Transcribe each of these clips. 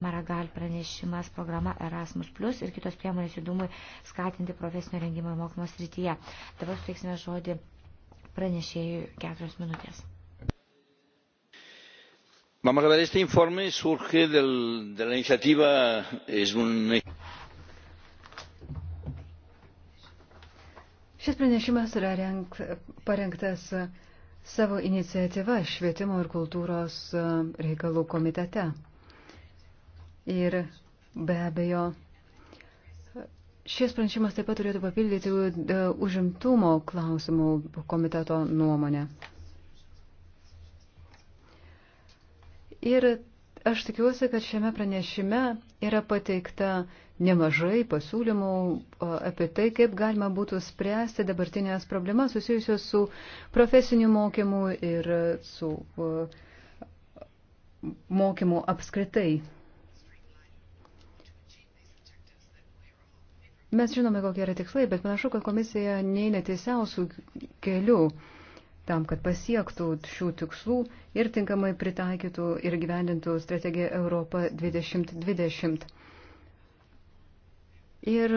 Maragal pranešimas programa Erasmus Plus ir kitos priemonės judumui skatinti profesinio rengimo ir mokymo srityje. Dabar suteiksime žodį pranešėjui keturios minutės. Vamos a ver, este informe surge del, de la iniciativa, es un... Šis pranešimas yra renk, parengtas savo iniciatyva Švietimo ir kultūros reikalų komitete. Ir be abejo, šis pranešimas taip pat turėtų papildyti e, užimtumo klausimų komiteto nuomonę. Ir aš tikiuosi, kad šiame pranešime yra pateikta nemažai pasiūlymų apie tai, kaip galima būtų spręsti dabartinės problemas susijusios su profesiniu mokymu ir su e, mokymu apskritai. Mes žinome, kokie yra tikslai, bet panašu, kad komisija neina tiesiausių kelių tam, kad pasiektų šių tikslų ir tinkamai pritaikytų ir gyvendintų strategiją Europą 2020. Ir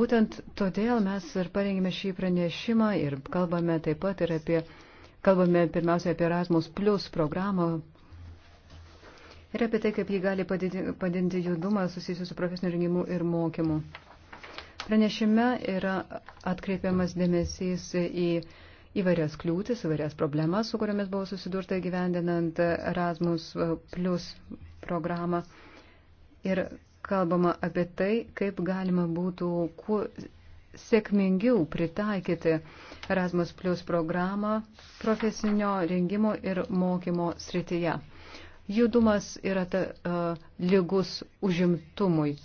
būtent todėl mes ir parengėme šį pranešimą ir kalbame taip pat ir apie, kalbame pirmiausia apie Erasmus Plus programą, ir apie tai, kaip jį gali padidinti, padidinti judumą susijusiu su profesiniu rengimu ir mokymu. Pranešime yra atkreipiamas dėmesys į įvairias kliūtis, įvairias problemas, su kuriamis buvo susidurta gyvendinant Erasmus Plus programą. Ir kalbama apie tai, kaip galima būtų kuo sėkmingiau pritaikyti Erasmus Plus programą profesinio rengimo ir mokymo srityje. Judumas yra ta, uh, lygus užimtumui.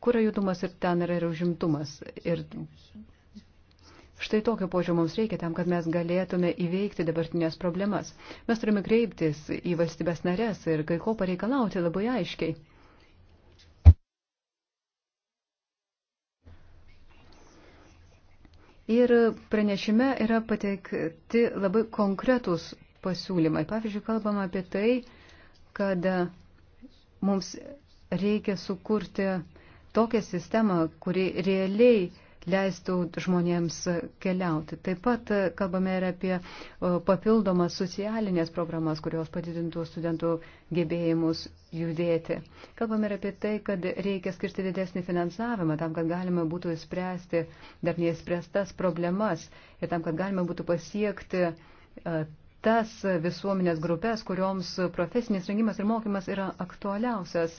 Kur yra judumas ir ten yra ir užimtumas. Ir Štai tokio požio mums reikia tam, kad mes galėtume įveikti dabartinės problemas. Mes turime kreiptis į valstybės narės ir kai ko pareikalauti labai aiškiai. Ir pranešime yra pateikti labai konkretus pasiūlymai. Pavyzdžiui, kalbama apie tai, kad mums reikia sukurti tokią sistemą, kuri realiai leistų žmonėms keliauti. Taip pat kalbame ir apie papildomas socialinės programas, kurios padidintų studentų gebėjimus judėti. Kalbame ir apie tai, kad reikia skirti didesnį finansavimą tam, kad galima būtų įspręsti dar neįspręstas problemas ir tam, kad galima būtų pasiekti tas visuomenės grupės, kurioms profesinis rengimas ir mokymas yra aktualiausias.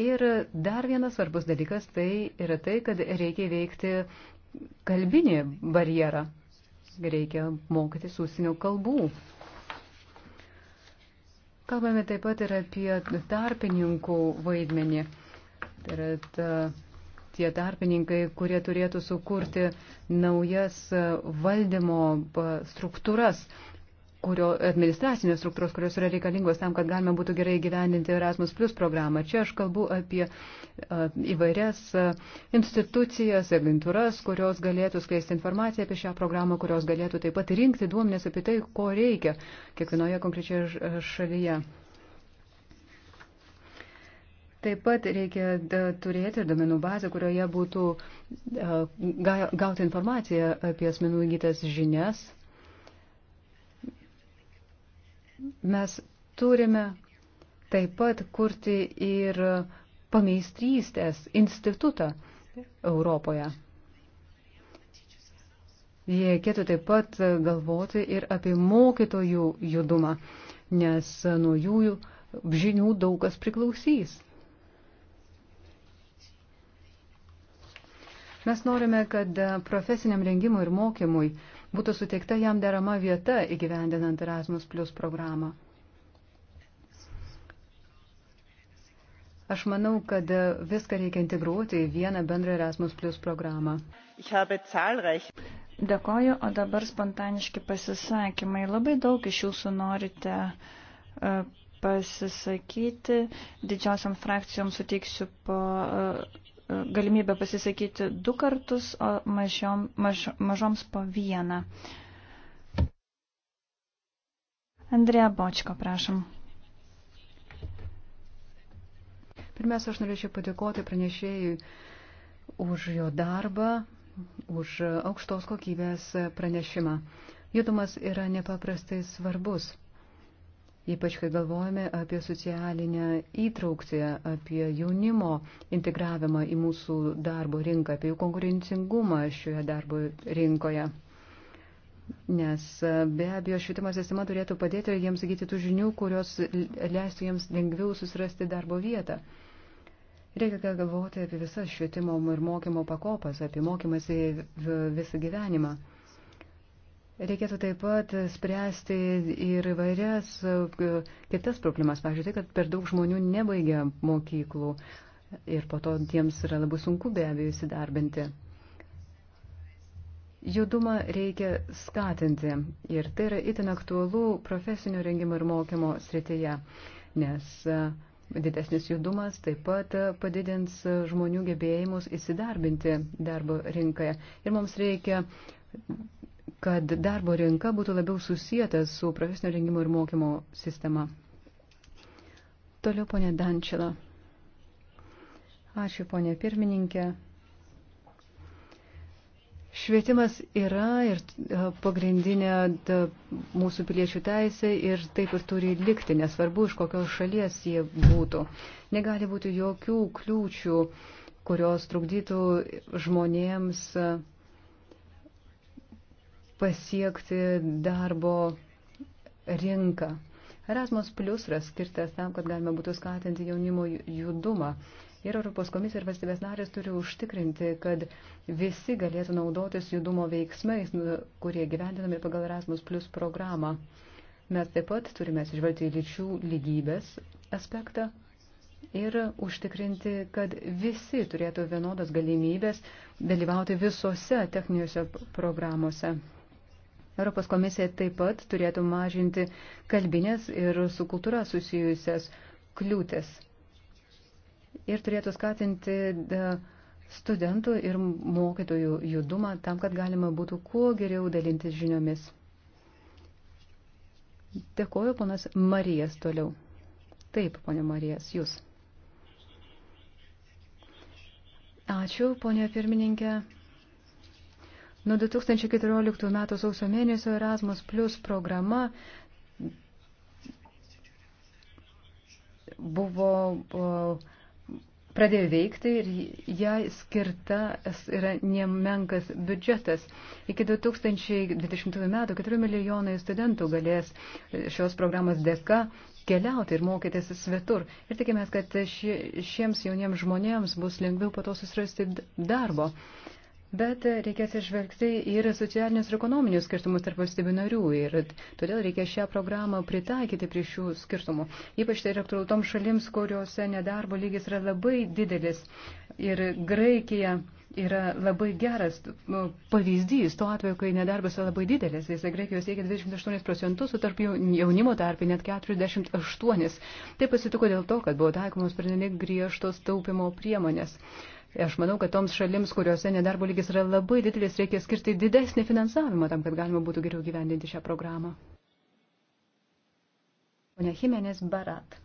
Ir dar vienas svarbus dalykas tai yra tai, kad reikia veikti kalbinį barjerą. Reikia mokytis užsienio kalbų. Kalbame taip pat ir apie tarpininkų vaidmenį. Tai yra ta, tie tarpininkai, kurie turėtų sukurti naujas e, valdymo struktūras, kurio, administracinės struktūros, kurios yra reikalingos tam, kad galima būtų gerai gyveninti Erasmus Plus programą. Čia aš kalbu apie e, įvairias e, institucijas, agentūras, kurios galėtų skleisti informaciją apie šią programą, kurios galėtų taip pat rinkti duomenės apie tai, ko reikia kiekvienoje konkrečioje šalyje. Taip pat reikia turėti ir domenų bazę, kurioje būtų gauti informaciją apie asmenų įgytas žinias. Mes turime taip pat kurti ir pameistrystės institutą Europoje. Jie reikėtų taip pat galvoti ir apie mokytojų judumą, nes nuo jų žinių daug kas priklausys. Mes norime, kad profesiniam rengimui ir mokymui būtų suteikta jam derama vieta įgyvendinant Erasmus Plus programą. Aš manau, kad viską reikia integruoti į vieną bendrą Erasmus Plus programą. Dėkoju, o dabar spontaniški pasisakymai. Labai daug iš jūsų norite e, pasisakyti. Didžiosiam frakcijom suteiksiu po e, galimybę pasisakyti du kartus, o mažiom, maž, mažoms po vieną. Andrėja Bočko, prašom. Pirmiausia, aš norėčiau padėkoti pranešėjui už jo darbą, už aukštos kokybės pranešimą. Judumas yra nepaprastai svarbus ypač kai galvojame apie socialinę įtraukti, apie jaunimo integravimą į mūsų darbo rinką, apie jų konkurencingumą šioje darbo rinkoje. Nes e, be abejo švietimo sistema turėtų padėti jiems įgyti tų žinių, kurios leistų jiems lengviau susirasti darbo vietą. Reikia galvoti apie visas švietimo ir mokymo pakopas, apie mokymasi visą gyvenimą. Reikėtų taip pat spręsti ir įvairias e, kitas problemas. Pavyzdžiui, tai, kad per daug žmonių nebaigia mokyklų ir po to tiems yra labai sunku be abejo įsidarbinti. Judumą reikia skatinti ir tai yra itin aktualu profesinio rengimo ir mokymo srityje, nes e, didesnis judumas taip pat e, padidins žmonių gebėjimus įsidarbinti darbo rinkoje. Ir mums reikia kad darbo rinka būtų labiau susijęta su profesinio rengimo ir mokymo sistema. Toliau ponė Dančila. Ačiū ponė pirmininkė. Švietimas yra ir e, pagrindinė mūsų piliečių teisė ir taip ir turi likti, nesvarbu, iš kokios šalies jie būtų. Negali būti jokių kliūčių, kurios trukdytų žmonėms uh, pasiekti darbo rinką. Erasmus Plus yra skirtas tam, kad galima būtų skatinti jaunimo judumą. Ir Europos komisija ir valstybės narės turi užtikrinti, kad visi galėtų naudotis judumo veiksmais, nu, kurie gyvendinami pagal Erasmus Plus programą. Mes taip pat turime atsižvelgti į lyčių lygybės aspektą ir užtikrinti, kad visi turėtų vienodas galimybės dalyvauti visose techniniuose programuose. Europos komisija taip pat turėtų mažinti kalbinės ir su kultūra susijusias kliūtis. Ir turėtų skatinti studentų ir mokytojų judumą tam, kad galima būtų kuo geriau dalintis žiniomis. Dėkoju, ponas Marijas, toliau. Taip, ponė Marijas, jūs. Ačiū, ponė pirmininkė. Nuo 2014 m. sausio mėnesio Erasmus Plus programa buvo, buvo pradėjo veikti ir jai skirta yra nemenkas biudžetas. Iki 2020 metų 4 milijonai studentų galės šios programos dėka keliauti ir mokytis svetur. Ir tikimės, kad šie, šiems jauniems žmonėms bus lengviau po to susirasti darbo. Uh, Bet reikės išvelgti ir socialinius ir ekonominius skirtumus tarp valstybių narių. Ir todėl reikia šią programą pritaikyti prie šių skirtumų. Ypač tai yra aktualu tom šalims, kuriuose nedarbo lygis yra labai didelis. Ir Graikija yra labai geras nu, pavyzdys to atveju, kai nedarbas yra labai didelis. Jis Graikijos siekia 28 procentus, o tarp jaunimo tarp net 48. Tai pasitiko dėl to, kad buvo taikomos pernelyg griežtos taupimo priemonės. Aš manau, kad toms šalims, kuriuose nedarbo lygis yra labai didelis, reikia skirti didesnį finansavimą tam, kad galima būtų geriau gyvendinti šią programą. Pone Jimenez Barat.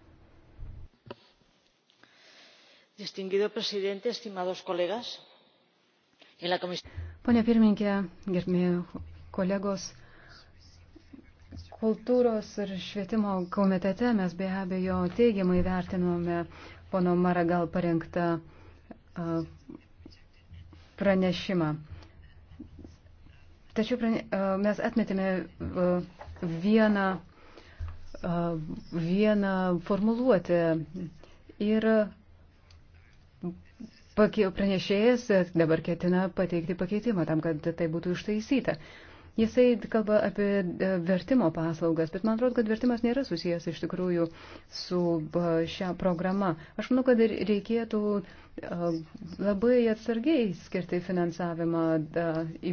Distinguido presidente, estimados colegas, en la comisión. Pone pirmininkė, gerbėjai kolegos, kultūros ir švietimo komitete mes be abejo teigiamai vertinome pono Maragal parengtą pranešimą. Tačiau prane, mes atmetėme vieną, vieną formuluotę ir pranešėjas dabar ketina pateikti pakeitimą tam, kad tai būtų ištaisyta. Jisai kalba apie e, vertimo paslaugas, bet man atrodo, kad vertimas nėra susijęs iš tikrųjų su e, šią programą. Aš manau, kad reikėtų e, labai atsargiai skirti finansavimą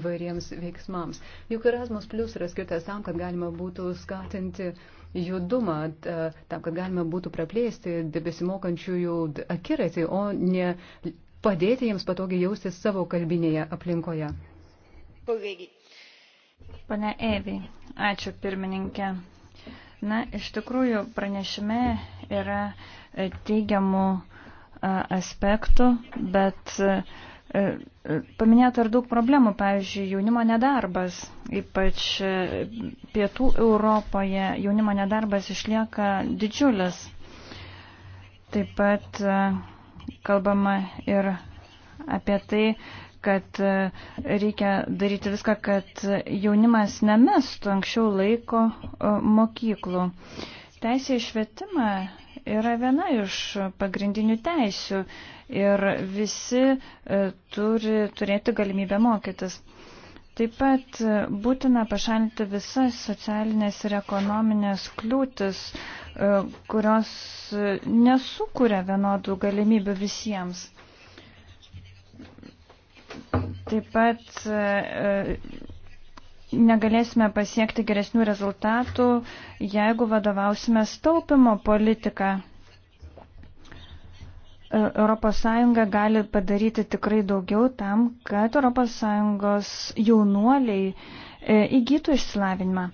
įvairiems veiksmams. Juk Erasmus Plus yra skirtas tam, kad galima būtų skatinti judumą, tam, kad galima būtų praplėsti besimokančiųjų akiratį, o ne padėti jiems patogiai jaustis savo kalbinėje aplinkoje. Kolegit. Pane Eiviai, ačiū pirmininkė. Na, iš tikrųjų, pranešime yra e, teigiamų e, aspektų, bet e, paminėta ir daug problemų, pavyzdžiui, jaunimo nedarbas, ypač pietų Europoje jaunimo nedarbas išlieka didžiulis. Taip pat kalbama ir apie tai, kad e, reikia daryti viską, kad jaunimas nemestų anksčiau laiko e, mokyklų. Teisė į švietimą yra viena iš pagrindinių teisių ir visi e, turi turėti galimybę mokytis. Taip pat būtina pašalinti visas socialinės ir ekonominės kliūtis, kurios nesukuria vienodų galimybių visiems. Taip pat e, negalėsime pasiekti geresnių rezultatų, jeigu vadovausime staupimo politiką. ES gali padaryti tikrai daugiau tam, kad ES jaunuoliai e, įgytų išsilavinimą.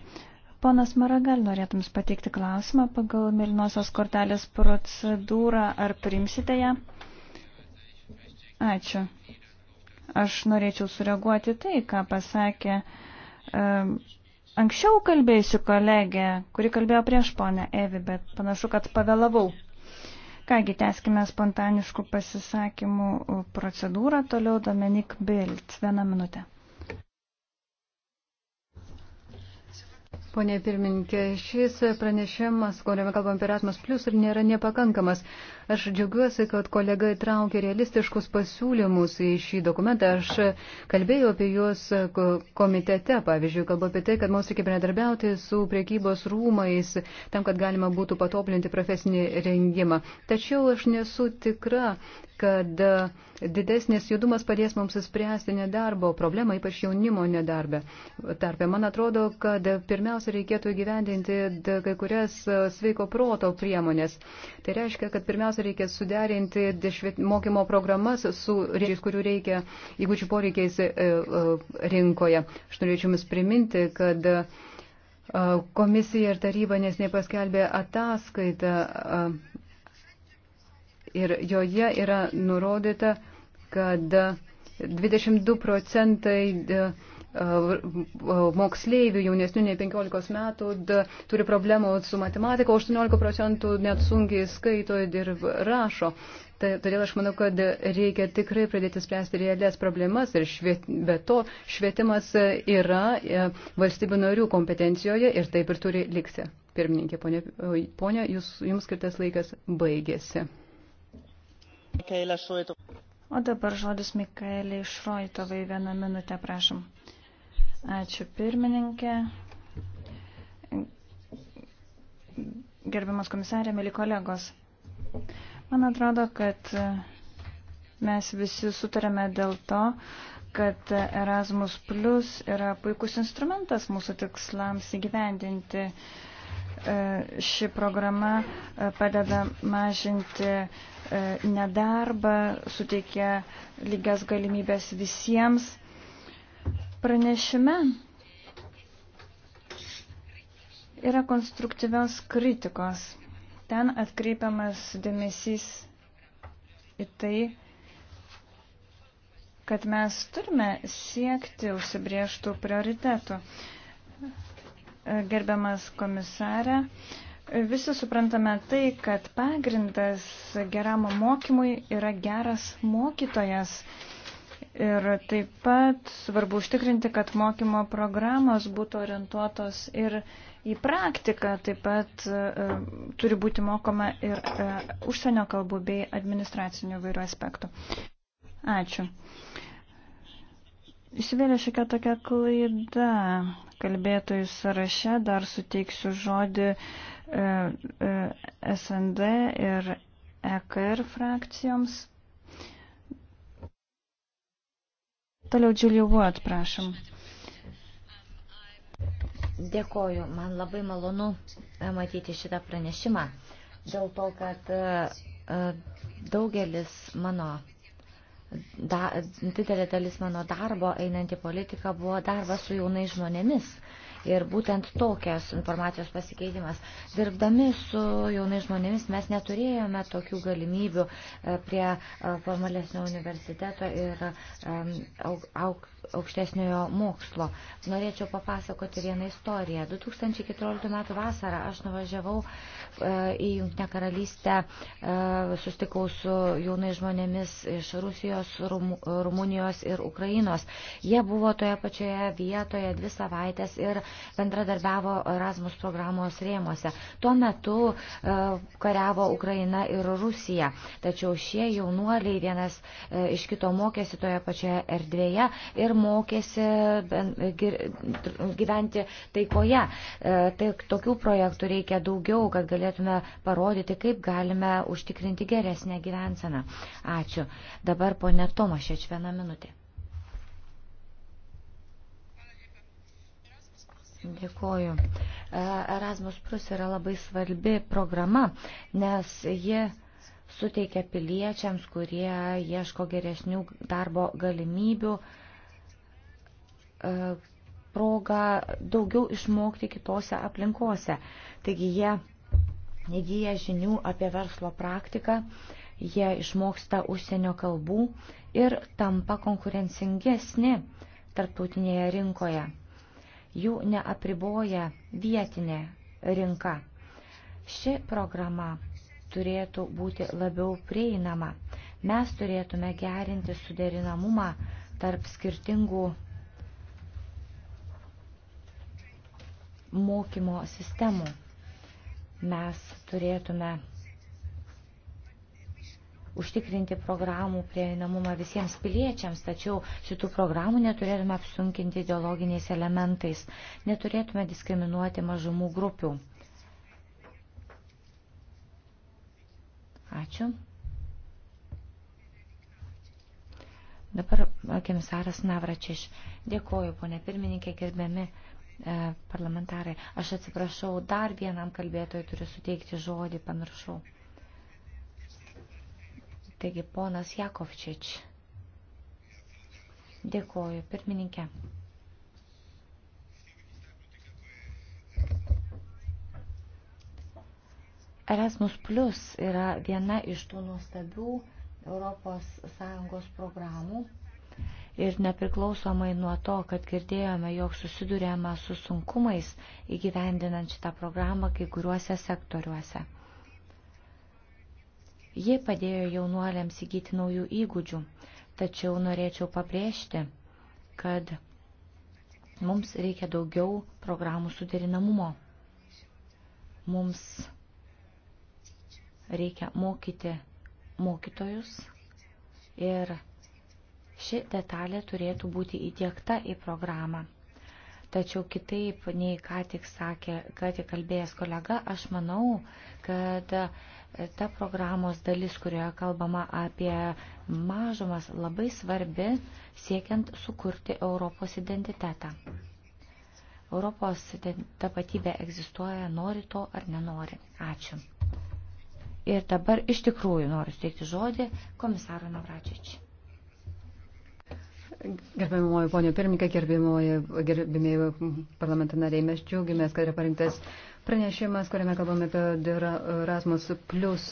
Ponas Maragal, norėtums pateikti klausimą pagal Milinosios kortelės procedūrą, ar primsite ją? Ačiū. Aš norėčiau sureaguoti tai, ką pasakė um, anksčiau kalbėjusi kolegė, kuri kalbėjo prieš ponę Evi, bet panašu, kad pavėlavau. Kągi, teskime spontaniškų pasisakymų procedūrą. Toliau Dominik Bilt. Vieną minutę. Pone pirmininkė, šis pranešimas, kuriame kalbam apie Erasmus Plus, nėra nepakankamas. Aš džiaugiuosi, kad kolega įtraukė realistiškus pasiūlymus į šį dokumentą. Aš kalbėjau apie juos komitete, pavyzdžiui, kalbu apie tai, kad mums reikia bendradarbiauti su priekybos rūmais, tam, kad galima būtų patoblinti profesinį rengimą. Tačiau aš nesu tikra, kad didesnis judumas padės mums įspręsti nedarbo problemą, ypač jaunimo nedarbę. Tarpė, man atrodo, kad pirmiausia reikėtų įgyvendinti kai kurias sveiko proto priemonės. Tai reiškia, kad pirmiausia pirmiausia, reikia suderinti mokymo programas su rėžiais, kurių reikia įgūdžių poreikiais e, e, rinkoje. Aš norėčiau Jums priminti, kad e, komisija ir taryba nesnei paskelbė ataskaitą ir joje yra nurodyta, kad 22 procentai moksleivių jaunesnių nei 15 metų da, turi problemų su matematika, 18 procentų net sunkiai skaito ir rašo. Ta, todėl aš manau, kad reikia tikrai pradėti spręsti realias problemas ir šviet, be to švietimas yra e, valstybių narių kompetencijoje ir taip ir turi likti. Pirmininkė, ponia, ponia jūs, jums skirtas laikas baigėsi. O dabar žodis Mikaeliai Šroitovai vieną minutę, prašom. Ačiū pirmininkė. Gerbiamas komisarė, mėly kolegos. Man atrodo, kad mes visi sutarėme dėl to, kad Erasmus Plus yra puikus instrumentas mūsų tikslams įgyvendinti. Ši programa padeda mažinti nedarbą, suteikia lygias galimybės visiems Pranešime yra konstruktyvios kritikos. Ten atkreipiamas dėmesys į tai, kad mes turime siekti užsibrieštų prioritetų. Gerbiamas komisarė, visi suprantame tai, kad pagrindas geram mokymui yra geras mokytojas. Ir taip pat svarbu užtikrinti, kad mokymo programos būtų orientuotos ir į praktiką, taip pat e, turi būti mokoma ir e, užsienio kalbų bei administracinių vairių aspektų. Ačiū. Įsivėlė šiokia tokia klaida kalbėtojų sąraše, dar suteiksiu žodį e, e, SND ir EKR frakcijoms. Toliau Julia Ward, prašom. Dėkoju, man labai malonu e, matyti šitą pranešimą, dėl to, kad e, e, daugelis mano, da, didelė dalis mano darbo einanti politiką buvo darbas su jaunais žmonėmis. Ir būtent tokias informacijos pasikeitimas. Dirbdami su jaunais žmonėmis mes neturėjome tokių galimybių e, prie e, formalesnio universiteto ir auk aukštesniojo mokslo. Norėčiau papasakoti vieną istoriją. 2014 m. vasarą aš nuvažiavau e, į Junktinę karalystę, e, sustikau su jaunai žmonėmis iš Rusijos, Rum, Rumunijos ir Ukrainos. Jie buvo toje pačioje vietoje dvi savaitės ir bendradarbiavo Erasmus programos rėmose. Tuo metu e, kariavo Ukraina ir Rusija. Tačiau šie jaunuoliai vienas iš kito mokėsi toje pačioje erdvėje ir ir mokėsi gyventi taikoje. E, tai tokių projektų reikia daugiau, kad galėtume parodyti, kaip galime užtikrinti geresnę gyvenseną. Ačiū. Dabar ponė Tomašeč vieną minutę. Dėkuoju. E, Erasmus Plus yra labai svarbi programa, nes ji suteikia piliečiams, kurie ieško geresnių darbo galimybių, uh, E, progą daugiau išmokti kitose aplinkose. Taigi jie įgyja žinių apie verslo praktiką, jie išmoksta užsienio kalbų ir tampa konkurencingesni tarptautinėje rinkoje. Jų neapriboja vietinė rinka. Ši programa turėtų būti labiau prieinama. Mes turėtume gerinti suderinamumą tarp skirtingų mokymo sistemų. Mes turėtume užtikrinti programų prieinamumą visiems piliečiams, tačiau šitų programų neturėtume apsunkinti ideologiniais elementais, neturėtume diskriminuoti mažumų grupių. Ačiū. Dabar komisaras Navračiš. Dėkoju, ponė pirmininkė, gerbiami E, parlamentarai. Aš atsiprašau, dar vienam kalbėtojui turiu suteikti žodį, pamiršau. Taigi, ponas Jakovčič. Dėkoju, pirmininkė. Erasmus Plus yra viena iš tų nuostabių Europos Sąjungos programų ir nepriklausomai nuo to, kad girdėjome, jog susidurėme su sunkumais įgyvendinant šitą programą kai kuriuose sektoriuose. Ji padėjo jaunuoliams įgyti naujų įgūdžių, tačiau norėčiau pabrėžti, kad mums reikia daugiau programų suderinamumo. Mums reikia mokyti mokytojus ir Ši detalė turėtų būti įdėkta į programą. Tačiau kitaip, nei ką tik sakė, ką tik kalbėjęs kolega, aš manau, kad ta programos dalis, kurioje kalbama apie mažumas, labai svarbi siekiant sukurti Europos identitetą. Europos tapatybė egzistuoja, nori to ar nenori. Ačiū. Ir dabar iš tikrųjų noriu steikti žodį komisarui Navračičiui. Gerbiamoji ponio pirmininkė, gerbimieji parlamento nariai, mes džiaugiamės, kad yra parinktas pranešimas, kuriame kalbame apie Erasmus Plus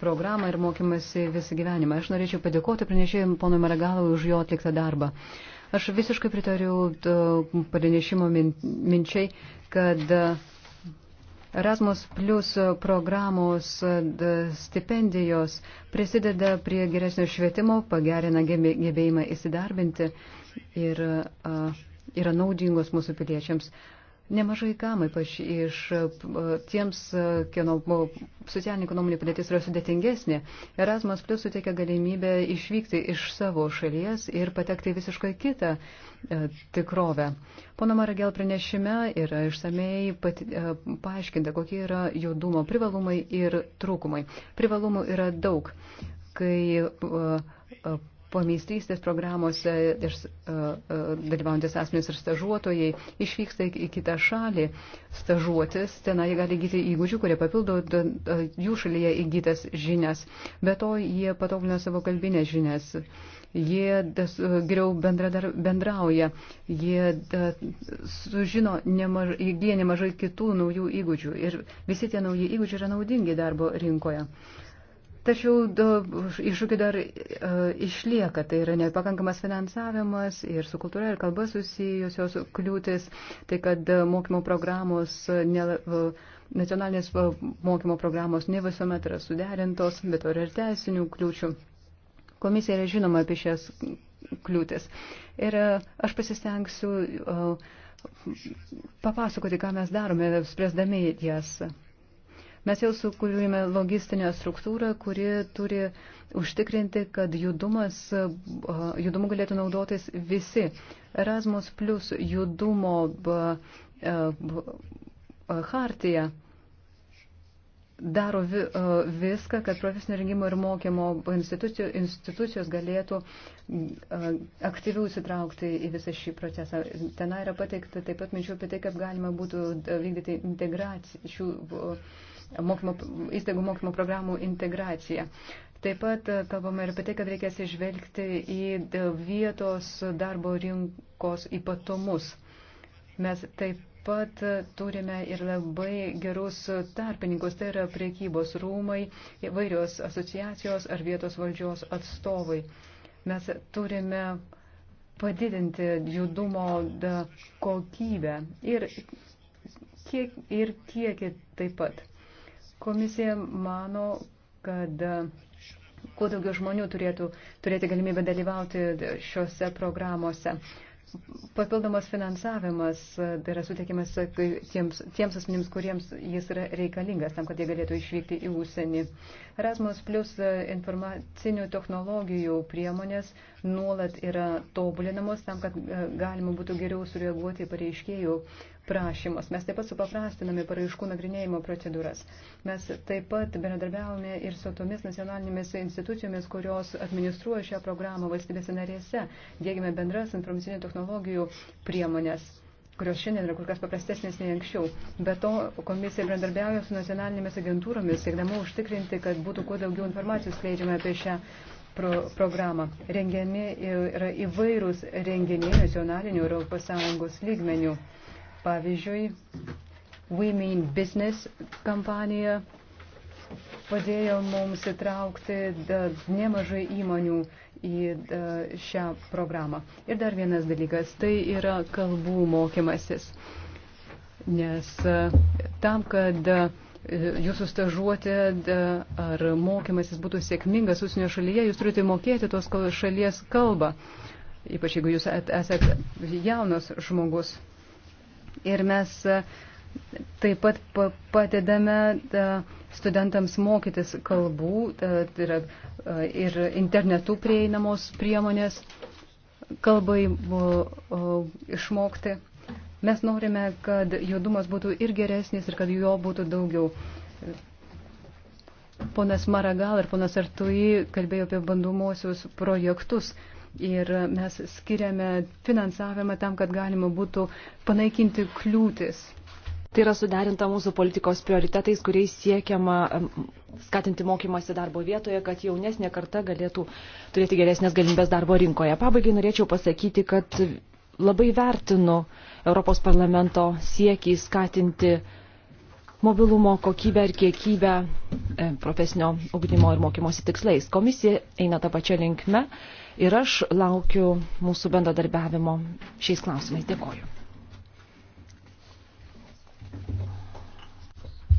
programą ir mokymasi visą gyvenimą. Aš norėčiau padėkoti pranešėjim ponui Maragalui už jo atliktą darbą. Aš visiškai pritariu pranešimo minčiai, kad Erasmus Plus programos e, stipendijos prisideda prie geresnio švietimo, pagerina gebėjimą įsidarbinti ir e, yra naudingos mūsų piliečiams. Nemažai kam, ypač iš e, tiems, e, kieno e, socialinė ekonominė padėtis yra sudėtingesnė, Erasmus Plus suteikia galimybę išvykti iš savo šalies ir patekti į visiškai kitą e, tikrovę. Pono Maragel pranešime yra išsamei pat, e, paaiškinta, kokie yra judumo privalumai ir trūkumai. Privalumų yra daug, kai e, e, pameistrystės programuose e, e, dalyvaujantis asmenys ir stažuotojai išvyksta į kitą šalį stažuotis, tenai gali įgyti įgūdžių, kurie papildo jų šalyje įgytas žinias. Be to, jie patobulina savo kalbinės žinias, jie das, geriau bendradar, bendrauja, jie da, sužino, nemaž, įgyja nemažai kitų naujų įgūdžių ir visi tie nauji įgūdžiai yra naudingi darbo rinkoje. Uh, Tačiau iššūkiai dar uh, išlieka, tai yra nepakankamas finansavimas ir su kultūra ir kalba susijusios kliūtis, tai kad e, mokymo programos, e, ne, nacionalinės mokymo programos ne visuomet yra suderintos, bet yra ir teisinių kliūčių. Komisija yra žinoma apie šias kliūtis. Ir uh, aš pasistengsiu uh, papasakoti, ką mes darome, spręsdami jas. Uh, Mes jau sukūrėme logistinę struktūrą, kuri turi užtikrinti, kad judumas, judumu galėtų naudotis visi. Erasmus plus judumo hartija daro vi, viską, kad profesinio rengimo ir mokymo institucijos, institucijos galėtų aktyviau įsitraukti į visą šį procesą. Ten yra pateikta taip pat minčių apie tai, kaip galima būtų vykdyti integraciją šių mokymo, įstaigų mokymo programų integraciją. Taip pat e, kalbame ir apie tai, kad reikės išvelgti į e, vietos darbo rinkos ypatumus. Mes taip pat e, turime ir labai gerus tarpininkus, tai yra priekybos rūmai, įvairios asociacijos ar vietos valdžios atstovai. Mes turime padidinti judumo kokybę ir, kiek, ir kiekį taip pat. Komisija mano, kad e, kuo daugiau žmonių turėtų turėti galimybę dalyvauti šiuose programuose. Papildomas finansavimas e, tai yra suteikiamas tiems, tiems asmenims, kuriems jis yra reikalingas, tam, kad jie galėtų išvykti į ūsienį. Erasmus plus e, informacinių technologijų priemonės nuolat yra tobulinamos tam, kad galima būtų geriau sureaguoti pareiškėjų prašymus. Mes taip pat supaprastiname paraiškų nagrinėjimo procedūras. Mes taip pat bendradarbiavome ir su tomis nacionalinėmis institucijomis, kurios administruoja šią programą valstybėse narėse. Dėgime bendras informacinių technologijų priemonės kurios šiandien yra kur kas paprastesnės nei anksčiau. Be to, komisija bendarbiauja su nacionalinėmis agentūromis, siekdama užtikrinti, kad būtų kuo daugiau informacijos skleidžiama apie šią pro programą. Rengiami yra įvairūs renginiai nacionalinių Europos Sąjungos lygmenių. Pavyzdžiui, We Mean Business kampanija padėjo mums įtraukti nemažai įmonių į šią programą. Ir dar vienas dalykas, tai yra kalbų mokymasis. Nes e, tam, kad e, jūsų stažuotė ar mokymasis būtų sėkmingas užsienio šalyje, jūs turite mokėti tos šalies kalbą. Ypač jeigu jūs esate jaunas žmogus ir mes e, taip pat padedame e, studentams mokytis kalbų e, tai yra, ir internetu prieinamos priemonės kalbai išmokti. Mes norime, kad judumas būtų ir geresnis, ir kad jo būtų daugiau. Ponas Maragal ir ponas Artui kalbėjo apie bandomuosius projektus. Ir mes skiriame finansavimą tam, kad galima būtų panaikinti kliūtis. Tai yra suderinta mūsų politikos prioritetais, kuriais siekiama skatinti mokymasi darbo vietoje, kad jaunesnė karta galėtų turėti geresnės galimybės darbo rinkoje. Pabaigai norėčiau pasakyti, kad labai vertinu Europos parlamento siekį skatinti mobilumo kokybę ir kiekybę e, profesinio ugdymo ir mokymosi tikslais. Komisija eina tą pačią linkmę ir aš laukiu mūsų bendradarbiavimo šiais klausimais. Dėkoju.